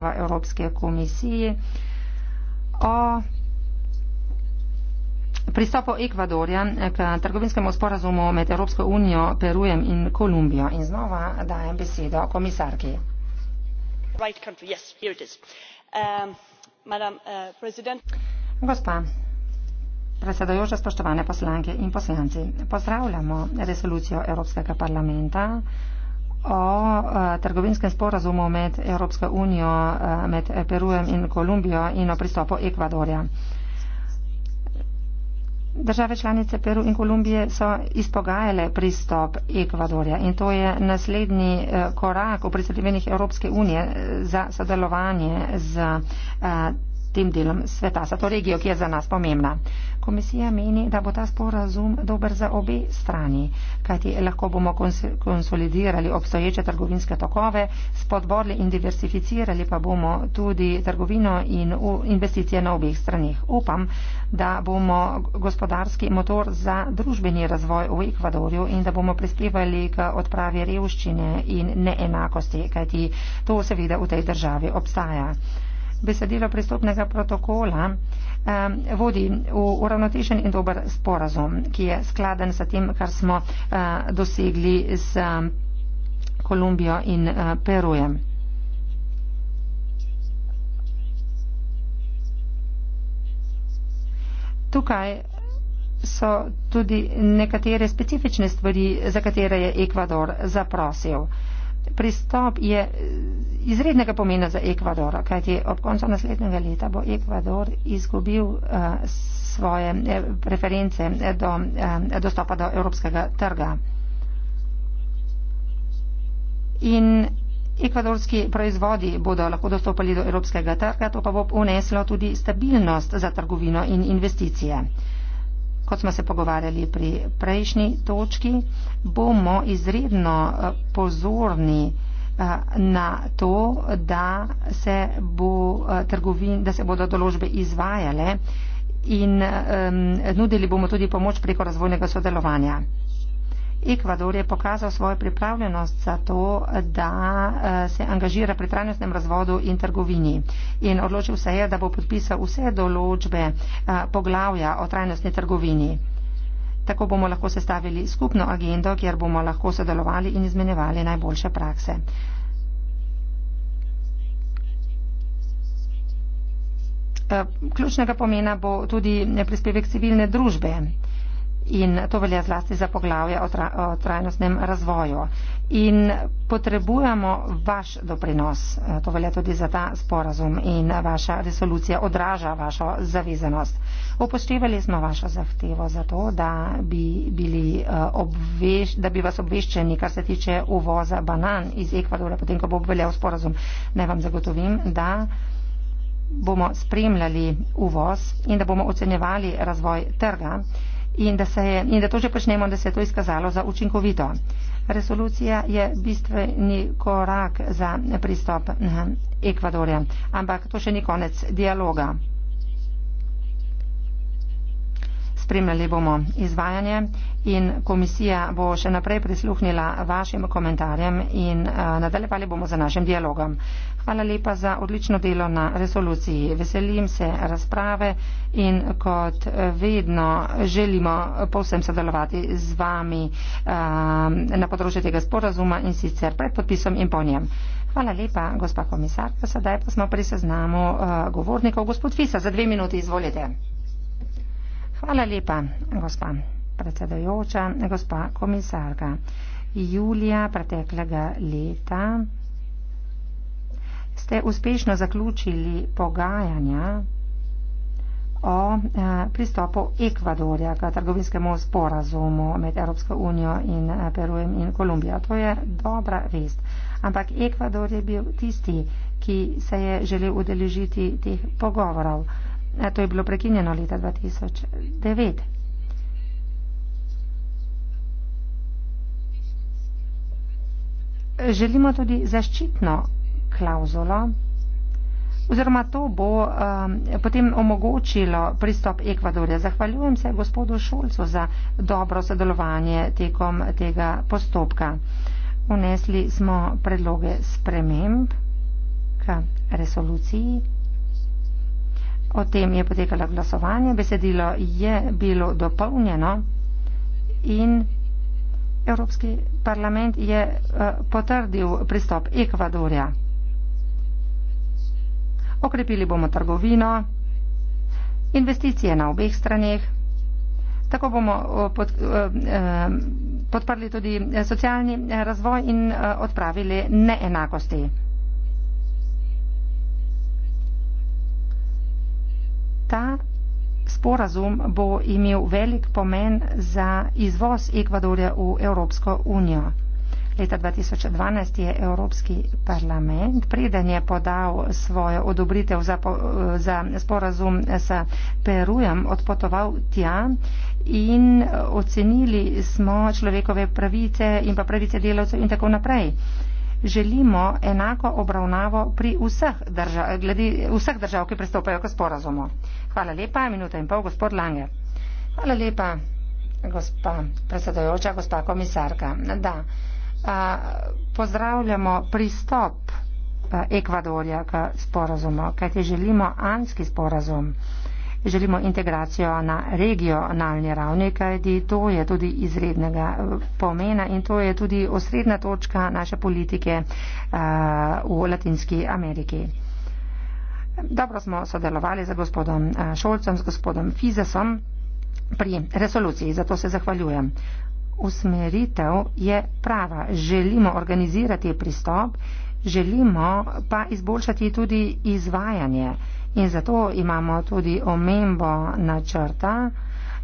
v Evropske komisiji o pristopu Ekvadorja k trgovinskemu sporazumu med Evropsko unijo, Perujem in Kolumbijo. In znova dajem besedo komisarki. Right yes, um, uh, Gospa predsedojoča, spoštovane poslanke in poslanci, pozdravljamo resolucijo Evropskega parlamenta o e, trgovinskem sporazumu med Evropsko unijo, e, med Perujem in Kolumbijo in o pristopu Ekvadorja. Države članice Peru in Kolumbije so izpogajale pristop Ekvadorja in to je naslednji e, korak v predstavljenih Evropske unije za sodelovanje z tem delom sveta, za to regijo, ki je za nas pomembna. Komisija meni, da bo ta sporazum dober za obe strani, kajti lahko bomo konsolidirali obstoječe trgovinske tokove, spodborili in diversificirali pa bomo tudi trgovino in investicije na obeh stranih. Upam, da bomo gospodarski motor za družbeni razvoj v Ekvadorju in da bomo prispevali k odpravi revščine in neenakosti, kajti to seveda v tej državi obstaja besedilo pristopnega protokola vodi v uravnotežen in dober sporazum, ki je skladen sa tem, kar smo eh, dosegli z Kolumbijo in eh, Perujem. Tukaj so tudi nekatere specifične stvari, za katere je Ekvador zaprosil pristop je eh, izrednega pomena za Ekvadora, kajti ob koncu naslednjega leta bo Ekvador izgubil eh, svoje eh, preference do dostopa do evropskega trga. In ekvadorski proizvodi bodo lahko dostopali do evropskega trga, to pa bo uneslo tudi stabilnost za trgovino in investicije kot smo se pogovarjali pri prejšnji točki, bomo izredno eh, pozorni eh, na to, da se, bo eh, trgovin, da se bodo doložbe izvajale in ehm, nudili bomo tudi pomoč preko razvojnega sodelovanja. Ekvador je pokazal svojo pripravljenost za to, da eh, se angažira pri trajnostnem razvodu in trgovini. In odločil se je, da bo podpisal vse določbe eh, poglavja o trajnostni trgovini. Tako bomo lahko sestavili skupno agendo, kjer bomo lahko sodelovali in izmenjevali najboljše prakse. Eh, ključnega pomena bo tudi prispevek civilne družbe in to velja zlasti za poglavje o trajnostnem razvoju. In potrebujemo vaš doprinos, to velja tudi za ta sporazum in vaša resolucija odraža vašo zavezanost. Upoštevali smo vašo zahtevo za to, da bi, bili, eh, obvež, da bi vas obveščeni, kar se tiče uvoza banan iz Ekvadora, potem, ko bo obveljal sporazum. Naj vam zagotovim, da bomo spremljali uvoz in da bomo ocenjevali razvoj trga in da, se je, in da to že počnemo, da se je to izkazalo za učinkovito. Resolucija je bistveni korak za pristop hm, Ekvadorja, ampak to še ni konec dialoga. spremljali bomo izvajanje in komisija bo še naprej prisluhnila vašim komentarjem in eh, nadaljevali bomo za našim dialogom. Hvala lepa za odlično delo na resoluciji. Veselim se razprave in kot vedno želimo povsem sodelovati z vami eh, na področju tega sporazuma in sicer pred podpisom in po njem. Hvala lepa, gospa komisarka. Sedaj pa smo pri seznamu eh, govornikov. Gospod Fisa, za dve minuti izvolite. Hvala lepa, gospa predsedojoča, gospa komisarka. Julija preteklega leta ste uspešno zaključili pogajanja o eh, pristopu Ekvadorja k trgovinskemu sporazumu med Evropsko unijo in eh, Perujem in Kolumbijo. To je dobra vest. Ampak Ekvador je bil tisti, ki se je želel udeležiti teh pogovorov. E, to je bilo prekinjeno leta 2009. Želimo tudi zaščitno klauzulo, oziroma to bo um, potem omogočilo pristop Ekvadorja. Zahvaljujem se gospodu Šulcu za dobro sodelovanje tekom tega postopka. Unesli smo predloge sprememb k resoluciji. O tem je potekalo glasovanje, besedilo je bilo dopolnjeno in Evropski parlament je eh, potrdil pristop Ekvadorja. Okrepili bomo trgovino, investicije na obeh straneh, tako bomo pod, podprli tudi eh, socialni eh, razvoj in odpravili neenakosti. sporazum bo imel velik pomen za izvoz Ekvadorja v Evropsko unijo. Leta 2012 je Evropski parlament, preden je podal svojo odobritev za, za sporazum s Perujem, odpotoval tja in ocenili smo človekove pravice in pa pravice delavcev in tako naprej. Želimo enako obravnavo pri vseh držav, glede vseh držav, ki pristopajo k sporazumu. Hvala lepa. Minuta in pol, gospod Lange. Hvala lepa, gospa predsedojoča, gospa komisarka. Da, a, pozdravljamo pristop a, Ekvadorja k sporazumu, kajti želimo anski sporazum. Želimo integracijo na regionalni ravni, kajti to je tudi izrednega e, pomena in to je tudi osrednja točka naše politike a, v Latinski Ameriki. Dobro smo sodelovali z gospodom eh, Šolcem, z gospodom Fizesom pri resoluciji, zato se zahvaljujem. Usmeritev je prava. Želimo organizirati pristop, želimo pa izboljšati tudi izvajanje. In zato imamo tudi omembo načrta,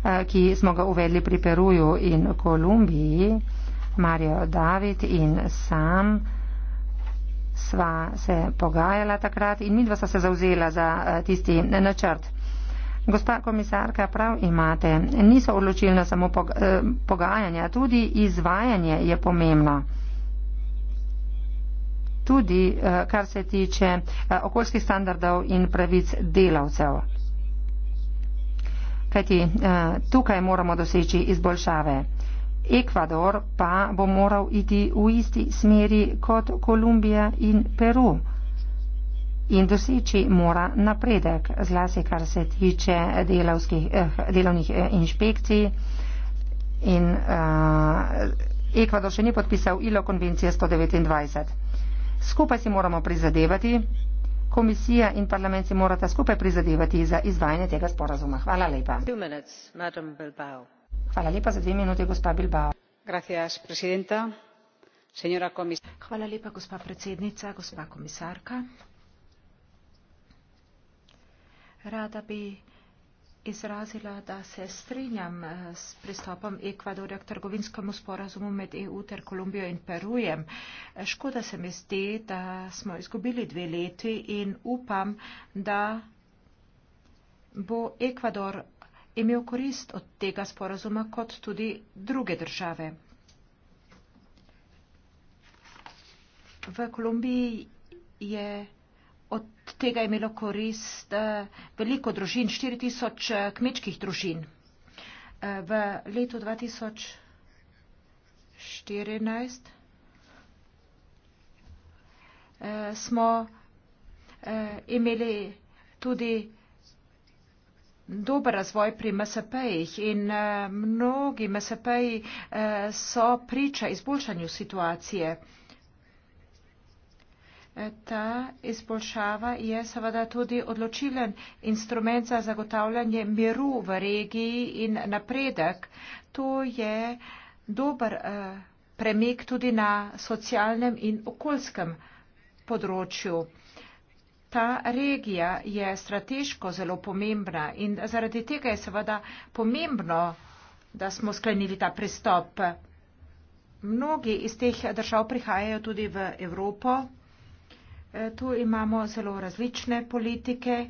eh, ki smo ga uvedli pri Peruju in Kolumbiji, Mario David in sam sva se pogajala takrat in midva sta se zauzela za eh, tisti načrt. Gospa komisarka, prav imate, niso odločilna samo eh, pogajanja, tudi izvajanje je pomembno. Tudi eh, kar se tiče okoljskih standardov in pravic delavcev. Kajti tukaj moramo doseči izboljšave. Ekvador pa bo moral iti v isti smeri kot Kolumbija in Peru in doseči mora napredek, zlasti kar se tiče eh, delovnih eh, inšpekcij. In eh, Ekvador še ni podpisal ILO konvencije 129. Skupaj si moramo prizadevati, komisija in parlament si morata skupaj prizadevati za izvajanje tega sporazuma. Hvala lepa. Hvala lepa. Za dve minuti, gospa Bilbao. Hvala lepa, gospa predsednica, gospa komisarka. Rada bi izrazila, da se strinjam eh, s pristopom Ekvadorja k trgovinskemu sporazumu med EU ter Kolumbijo in Perujem. Škoda se mi zdi, da smo izgubili dve leti in upam, da bo Ekvador imel korist od tega sporazuma kot tudi druge države. V Kolumbiji je od tega imelo korist eh, veliko družin, 4000 eh, kmečkih družin. Eh, v letu 2014 smo imeli tudi dober razvoj pri MSP-jih in eh, mnogi MSP-ji eh, so priča izboljšanju situacije. Eh, ta izboljšava je seveda tudi odločilen instrument za zagotavljanje miru v regiji in napredek. To je dober premik tudi na socialnem in okoljskem področju. Ta regija je strateško zelo pomembna in zaradi tega je seveda pomembno, da smo sklenili ta pristop. Mnogi iz teh držav prihajajo tudi v Evropo. E, tu imamo zelo različne politike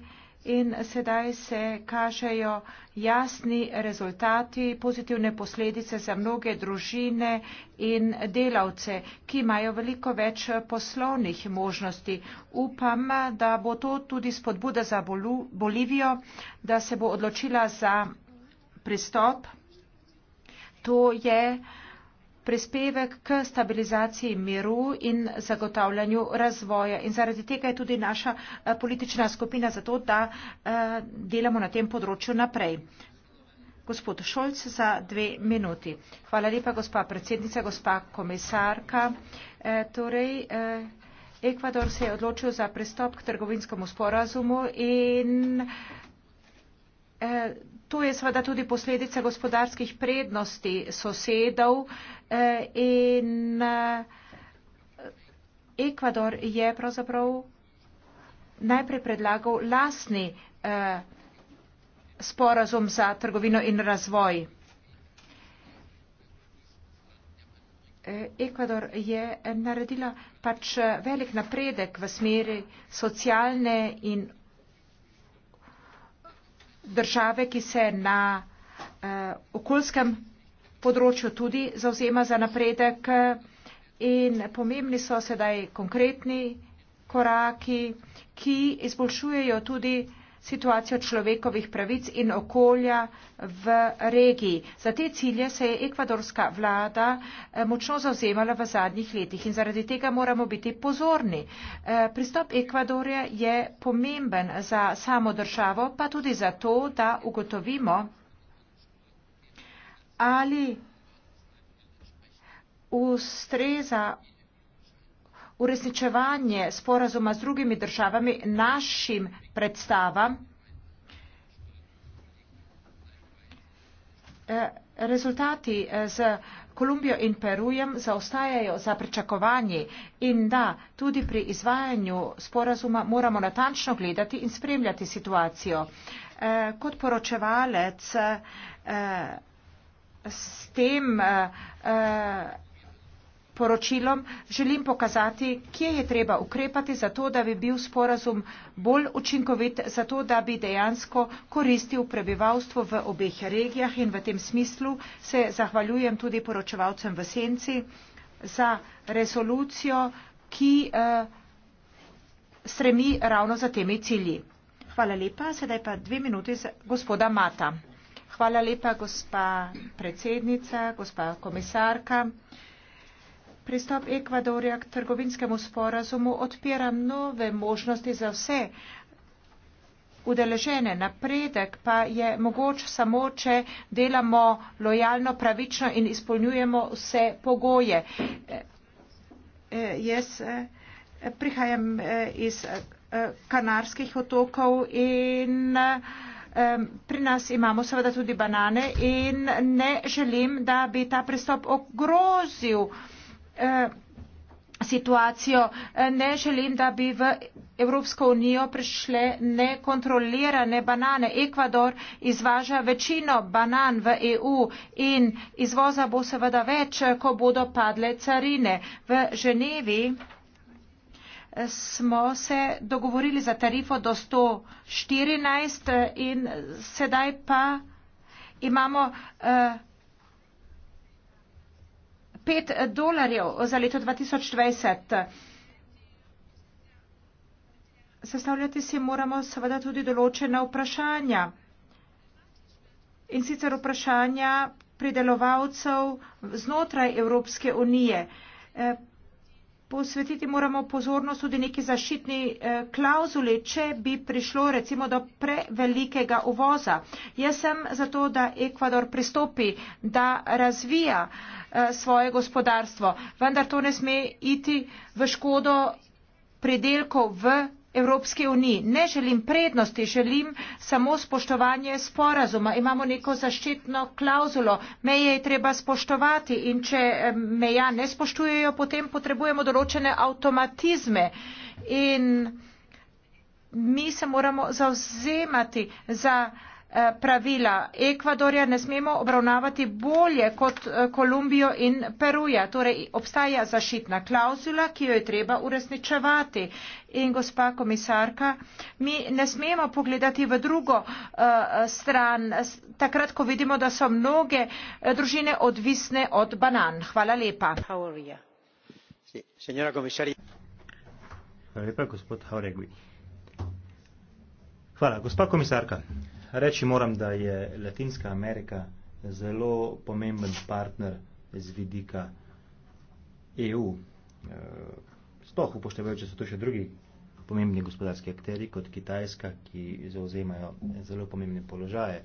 in sedaj se kažejo jasni rezultati, pozitivne posledice za mnoge družine in delavce, ki imajo veliko več poslovnih možnosti. Upam, da bo to tudi spodbuda za Bolivijo, da se bo odločila za pristop. To je uh, prispevek k stabilizaciji miru in zagotavljanju razvoja. In zaradi tega je tudi naša eh, politična skupina za to, da eh, delamo na tem področju naprej. Gospod Šolc za dve minuti. Hvala lepa, gospa predsednica, gospa komisarka. E, torej, e, Ekvador se je odločil za pristop k trgovinskemu sporazumu in e, Tu je seveda tudi posledica gospodarskih prednosti sosedov eh, in eh, Ekvador je pravzaprav najprej predlagal lasni eh, sporazum za trgovino in razvoj. Ekvador je naredila pač velik napredek v smeri socialne in države, ki se na eh, okoljskem področju tudi zavzema za napredek in pomembni so sedaj konkretni koraki, ki izboljšujejo tudi eh, situacijo človekovih pravic in okolja v regiji. Za te cilje se je ekvadorska vlada eh, močno zauzemala v zadnjih letih in zaradi tega moramo biti pozorni. Eh, pristop Ekvadorja je pomemben za samo državo, pa tudi za to, da ugotovimo, ali ustreza uresničevanje sporazuma z drugimi državami našim predstavam eh, rezultati eh, z Kolumbijo in Perujem zaostajajo za pričakovanji in da tudi pri izvajanju sporazuma moramo natančno gledati in spremljati situacijo. Eh, kot poročevalec s tem poročilom želim pokazati, kje je treba ukrepati za to, da bi bil sporazum bolj učinkovit, za to, da bi dejansko koristil prebivalstvo v obeh regijah in v tem smislu se zahvaljujem tudi poročevalcem v Senci za resolucijo, ki eh, stremi ravno za temi cilji. Hvala lepa. Sedaj pa dve minuti za gospoda Mata. Hvala lepa, gospa predsednica, gospa komisarka. Eh, Pristop Ekvadorja k trgovinskemu sporazumu odpira nove možnosti za vse udeležene. Napredek pa je mogoč samo, če delamo lojalno, pravično in izpolnjujemo vse pogoje. E, e, jaz e, prihajam iz kanarskih otokov in pri nas imamo seveda tudi banane in ne želim, da bi ta pristop ogrozil Eh, situacijo. Eh, ne želim, da bi v Evropsko unijo prišle nekontrolirane banane. Ekvador izvaža večino banan v EU in izvoza bo seveda več, eh, ko bodo padle carine. V Ženevi smo se dogovorili za tarifo do 114 in sedaj pa imamo uh, pet dolarjev za leto 2020. Sestavljati si moramo seveda tudi določena vprašanja. In sicer vprašanja pridelovalcev znotraj Evropske unije posvetiti moramo pozornost tudi neki zaščitni eh, klauzuli, če bi prišlo recimo do prevelikega uvoza. Jaz sem zato, da Ekvador pristopi, da razvija eh, svoje gospodarstvo, vendar to ne sme iti v škodo pridelkov v Evropski uniji. Ne želim prednosti, želim samo spoštovanje sporazuma. Imamo neko zaščitno klauzulo, meje je treba spoštovati in če eh, meja ne spoštujejo, potem potrebujemo določene avtomatizme. In mi se moramo zauzemati za Eh, pravila. Ekvadorja ne smemo obravnavati bolje kot eh, Kolumbijo in Peruja. Torej, obstaja zašitna klauzula, ki jo je treba uresničevati. In gospa komisarka, mi ne smemo pogledati v drugo eh, stran, takrat, ko vidimo, da so mnoge družine odvisne od banan. Hvala lepa. Hvala, gospod Hauregui. Hvala, gospa komisarka reči moram, da je Latinska Amerika zelo pomemben partner z vidika EU. E, Stoh upoštevajo, če so to še drugi pomembni gospodarski akteri kot Kitajska, ki zauzemajo zelo pomembne položaje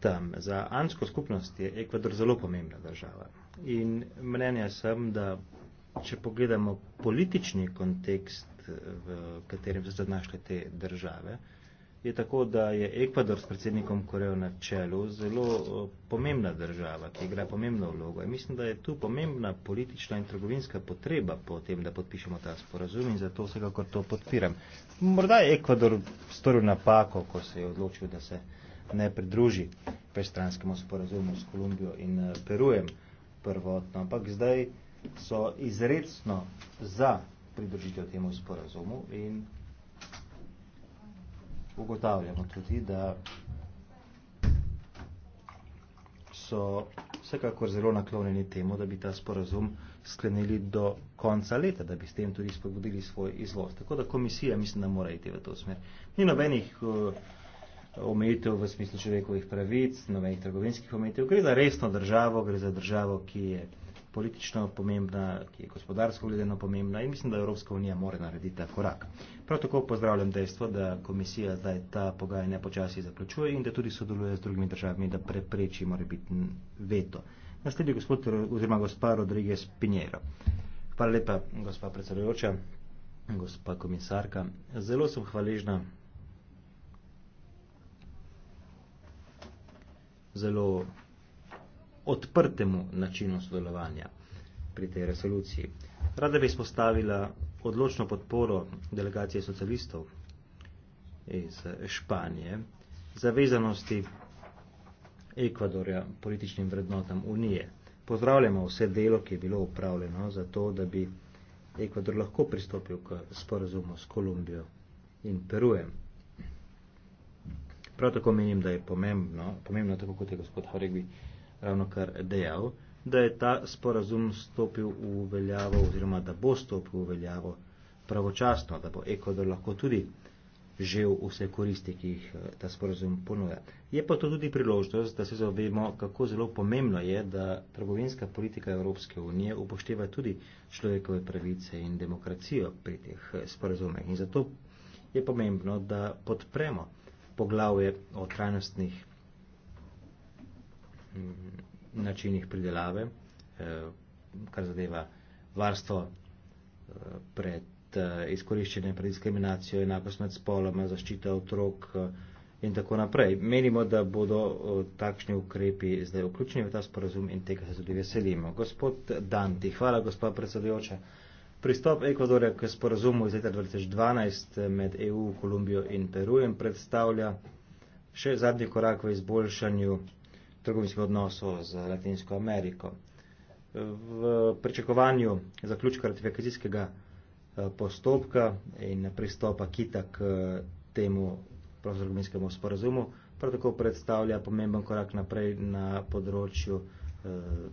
tam. Za ansko skupnost je Ekvador zelo pomembna država. In mnenja sem, da če pogledamo politični kontekst, v katerem so se znašle te države, je tako, da je Ekvador s predsednikom Korejo na čelu zelo eh, pomembna država, ki igra pomembno vlogo. In mislim, da je tu pomembna politična in trgovinska potreba po tem, da podpišemo ta sporazum in zato vsekakor to podpiram. Morda je Ekvador storil napako, ko se je odločil, da se ne pridruži prestranskemu sporazumu s Kolumbijo in eh, Perujem prvotno, ampak zdaj so izredno za pridružitev temu sporazumu in ugotavljamo tudi, da so vsekakor zelo naklonjeni temu, da bi ta sporazum sklenili do konca leta, da bi s tem tudi spodbudili svoj izvoz. Tako da komisija mislim, da mora iti v to smer. Ni nobenih uh, omejitev v smislu človekovih pravic, nobenih trgovinskih omejitev. Gre za resno državo, gre za državo, ki je politično pomembna, ki je gospodarsko gledeno pomembna in mislim, da Evropska unija mora narediti ta korak. Prav tako pozdravljam dejstvo, da komisija zdaj ta pogajanja počasi zaključuje in da tudi sodeluje z drugimi državami, da prepreči mora biti veto. Naslednji gospod oziroma gospa Rodriguez Pinjero. Hvala lepa, gospa predsedujoča, gospa komisarka. Zelo sem hvaležna. Zelo odprtemu načinu sodelovanja pri tej resoluciji. Rada bi spostavila odločno podporo delegacije socialistov iz Španije, zavezanosti Ekvadorja političnim vrednotam Unije. Pozdravljamo vse delo, ki je bilo upravljeno za to, da bi Ekvador lahko pristopil k sporazumu s Kolumbijo in Perujem. Prav tako menim, da je pomembno, pomembno tako kot je gospod Horegvi, ravno kar dejal, da je ta sporazum stopil v veljavo oziroma da bo stopil v veljavo pravočasno, da bo Ekvador lahko tudi že vse koristi, ki jih eh, ta sporazum ponuja. Je pa to tudi priložnost, da se zavemo, kako zelo pomembno je, da trgovinska politika Evropske unije upošteva tudi človekove pravice in demokracijo pri teh eh, sporazumeh. In zato je pomembno, da podpremo poglavje o trajnostnih Mm, načinih pridelave, eh, kar zadeva varstvo eh, pred eh, izkoriščenjem, pred diskriminacijo, enakost med spoloma, zaščita otrok in tako naprej. Menimo, da bodo takšni ukrepi zdaj vključeni v ta sporazum in tega se tudi veselimo. Gospod Danti, hvala gospod predsedujoča. Pristop Ekvadorja k sporazumu iz leta 2012 med EU, Kolumbijo in Perujem predstavlja še zadnji korak v izboljšanju trgovinskih odnosov z Latinsko Ameriko. V pričakovanju zaključka ratifikacijskega eh, postopka in pristopa Kita k eh, temu prostorovinskemu sporazumu, prav tako predstavlja pomemben korak naprej na področju eh,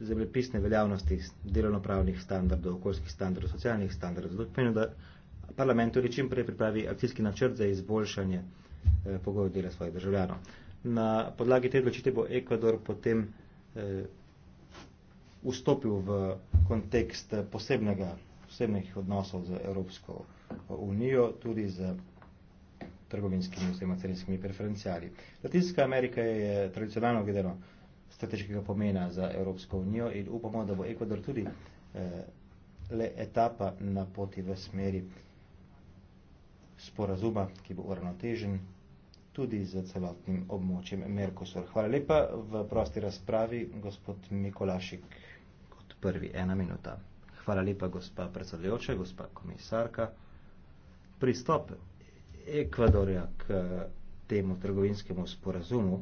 zemljepisne veljavnosti delovnopravnih standardov, okoljskih standardov, socialnih standardov. Zato pomeni, da parlament tudi čim prej pripravi akcijski načrt za izboljšanje pogojev dela svojih državljanov. Na podlagi te odločitve bo Ekvador potem eh, vstopil v kontekst posebnega, posebnih odnosov z Evropsko eh, unijo, tudi z trgovinskimi oziroma carinskimi preferencijali. Latinska Amerika je tradicionalno gledano strateškega pomena za Evropsko unijo in upamo, da bo Ekvador tudi eh, le etapa na poti v smeri sporazuma, ki bo uravnotežen tudi z celotnim območjem Merkosur. Hvala lepa. V prosti razpravi gospod Mikolašik kot prvi ena minuta. Hvala lepa, gospa predsedujoča, gospa komisarka. Pristop Ekvadorja k temu trgovinskemu sporazumu,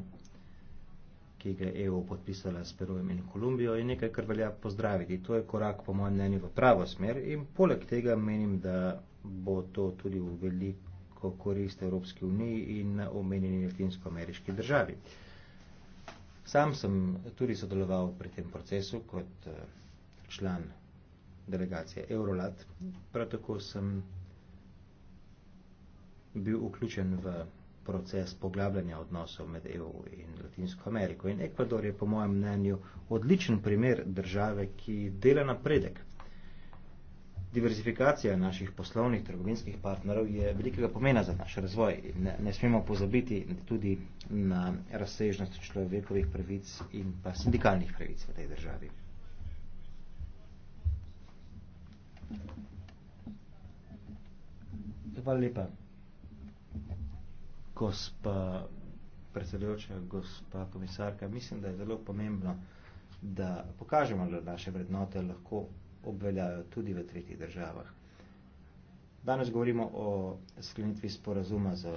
ki ga je EU podpisala s Perujem in Kolumbijo, je nekaj, kar velja pozdraviti. To je korak, po mojem mnenju, v pravo smer in poleg tega menim, da bo to tudi v veliko lahko korist Evropski uniji in na omenjeni latinsko-ameriški državi. Sam sem tudi sodeloval pri tem procesu kot eh, član delegacije Eurolat. Prav tako sem bil vključen v proces poglabljanja odnosov med EU in Latinsko Ameriko. In Ekvador je po mojem mnenju odličen primer države, ki dela napredek. Diverzifikacija naših poslovnih trgovinskih partnerov je velikega pomena za naš razvoj. Ne, ne smemo pozabiti tudi na razsežnost človekovih pravic in pa sindikalnih pravic v tej državi. Hvala lepa. Gospa predsedujoča, gospa komisarka, mislim, da je zelo pomembno, da pokažemo, da naše vrednote lahko obveljajo tudi v tretjih državah. Danes govorimo o sklenitvi sporazuma z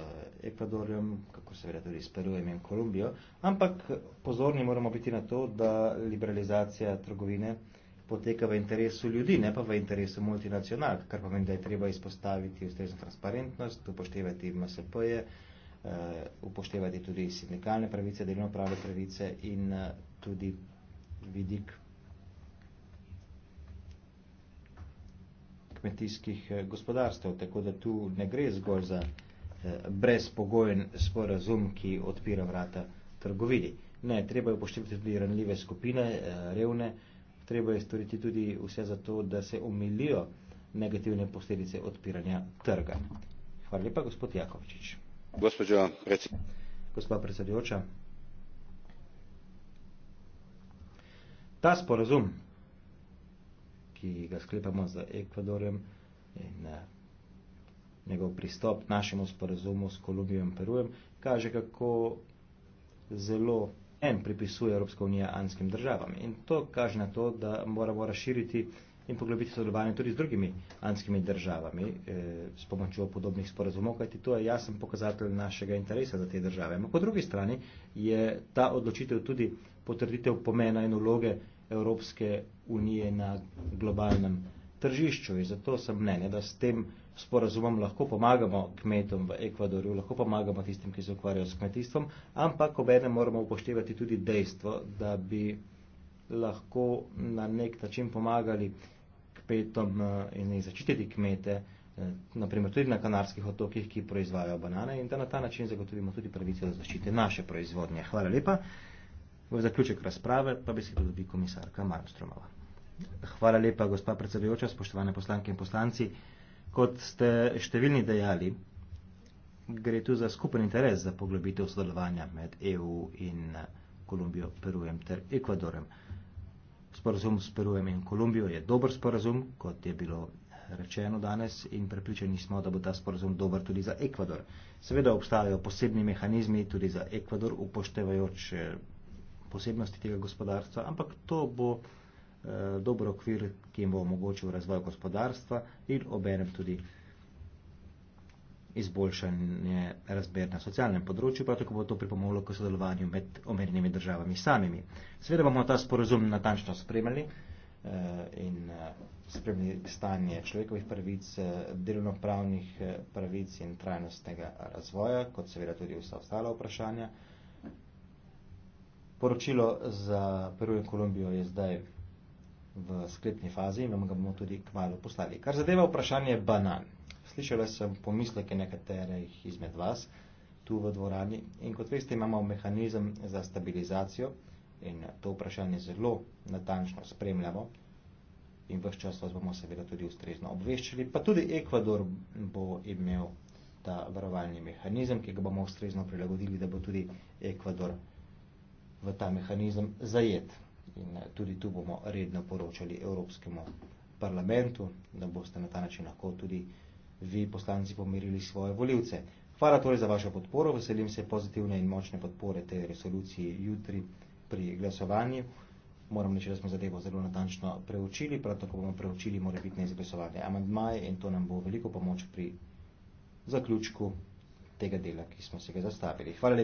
Ekvadorjem, kako seveda tudi s Perujem in Kolumbijo, ampak pozorni moramo biti na to, da liberalizacija trgovine poteka v interesu ljudi, ne pa v interesu multinacionalk, kar pomeni, da je treba izpostaviti ustrezno transparentnost, upoštevati MSP-je, eh, upoštevati tudi sindikalne pravice, delno prave pravice in eh, tudi vidik kmetijskih eh, gospodarstev, tako da tu ne gre zgolj za eh, brezpogojen sporazum, ki odpira vrata trgovini. Ne, treba je upoštevati tudi ranljive skupine, eh, revne, treba je storiti tudi vse za to, da se omilijo negativne posledice odpiranja trga. Hvala lepa, gospod Jakovčič. Gospodjo predsedujoča. Gospa predsedujoča. Ta sporazum, ki ga sklepamo z Ekvadorjem in eh, njegov pristop našemu sporazumu s Kolumbijo in Perujem, kaže, kako zelo en pripisuje Evropska unija anskim državam. In to kaže na to, da moramo razširiti in poglobiti sodelovanje tudi z drugimi anskimi državami eh, s pomočjo podobnih sporazumov, kajti to je jasen pokazatelj našega interesa za te države. Ma po drugi strani je ta odločitev tudi potrditev pomena in vloge eh, Evropske unije na globalnem tržišču. In zato sem mnenja, da s tem sporazumom lahko pomagamo kmetom v Ekvadorju, lahko pomagamo tistim, ki se ukvarjajo s kmetijstvom, ampak obene moramo upoštevati tudi dejstvo, da bi lahko na nek način pomagali kmetom eh, in začititi kmete, eh, naprimer tudi na kanarskih otokih, ki proizvajajo banane in da na ta način zagotovimo tudi pravico do zaščite naše proizvodnje. Hvala lepa v zaključek razprave pa besedo dobi komisarka Malmstromova. Hvala lepa, gospa predsedujoča, spoštovane poslanke in poslanci. Kot ste številni dejali, gre tu za skupen interes za poglobitev sodelovanja med EU in Kolumbijo, Perujem ter Ekvadorem. Sporazum s Perujem in Kolumbijo je dober sporazum, kot je bilo rečeno danes in prepričani smo, da bo ta sporazum dober tudi za Ekvador. Seveda obstajajo posebni mehanizmi tudi za Ekvador, upoštevajoč posebnosti tega gospodarstva, ampak to bo eh, dobro okvir, ki jim bo omogočil razvoj gospodarstva in obenem tudi izboljšanje razmer na socialnem področju, prav tako bo to pripomoglo k sodelovanju med omenjenimi državami samimi. Sveda bomo ta sporozum natančno spremljali eh, in eh, spremljali stanje človekovih pravic, eh, delovnopravnih eh, pravic in trajnostnega razvoja, kot seveda tudi vsa ostala vprašanja. Eh, Poročilo za Peru in Kolumbijo je zdaj v sklepni fazi in vam ga bomo tudi kmalo poslali. Kar zadeva vprašanje banan. Slišala sem pomisleke nekaterih izmed vas tu v dvorani in kot veste imamo mehanizem za stabilizacijo in to vprašanje zelo natančno spremljamo in vse čas vas bomo seveda tudi ustrezno obveščali. Pa tudi Ekvador bo imel ta varovalni mehanizem, ki ga bomo ustrezno prilagodili, da bo tudi Ekvador v ta mehanizem zajet. In eh, tudi tu bomo redno poročali Evropskemu parlamentu, da boste na ta način lahko tudi vi poslanci pomirili svoje voljivce. Hvala torej za vašo podporo, veselim se pozitivne in močne podpore tej resoluciji jutri pri glasovanju. Moram reči, da smo zadevo zelo natančno preučili, prav tako bomo preučili morebitne izglasovane amandmaje in to nam bo veliko pomoč pri zaključku tega dela, ki smo se ga zastavili. Hvala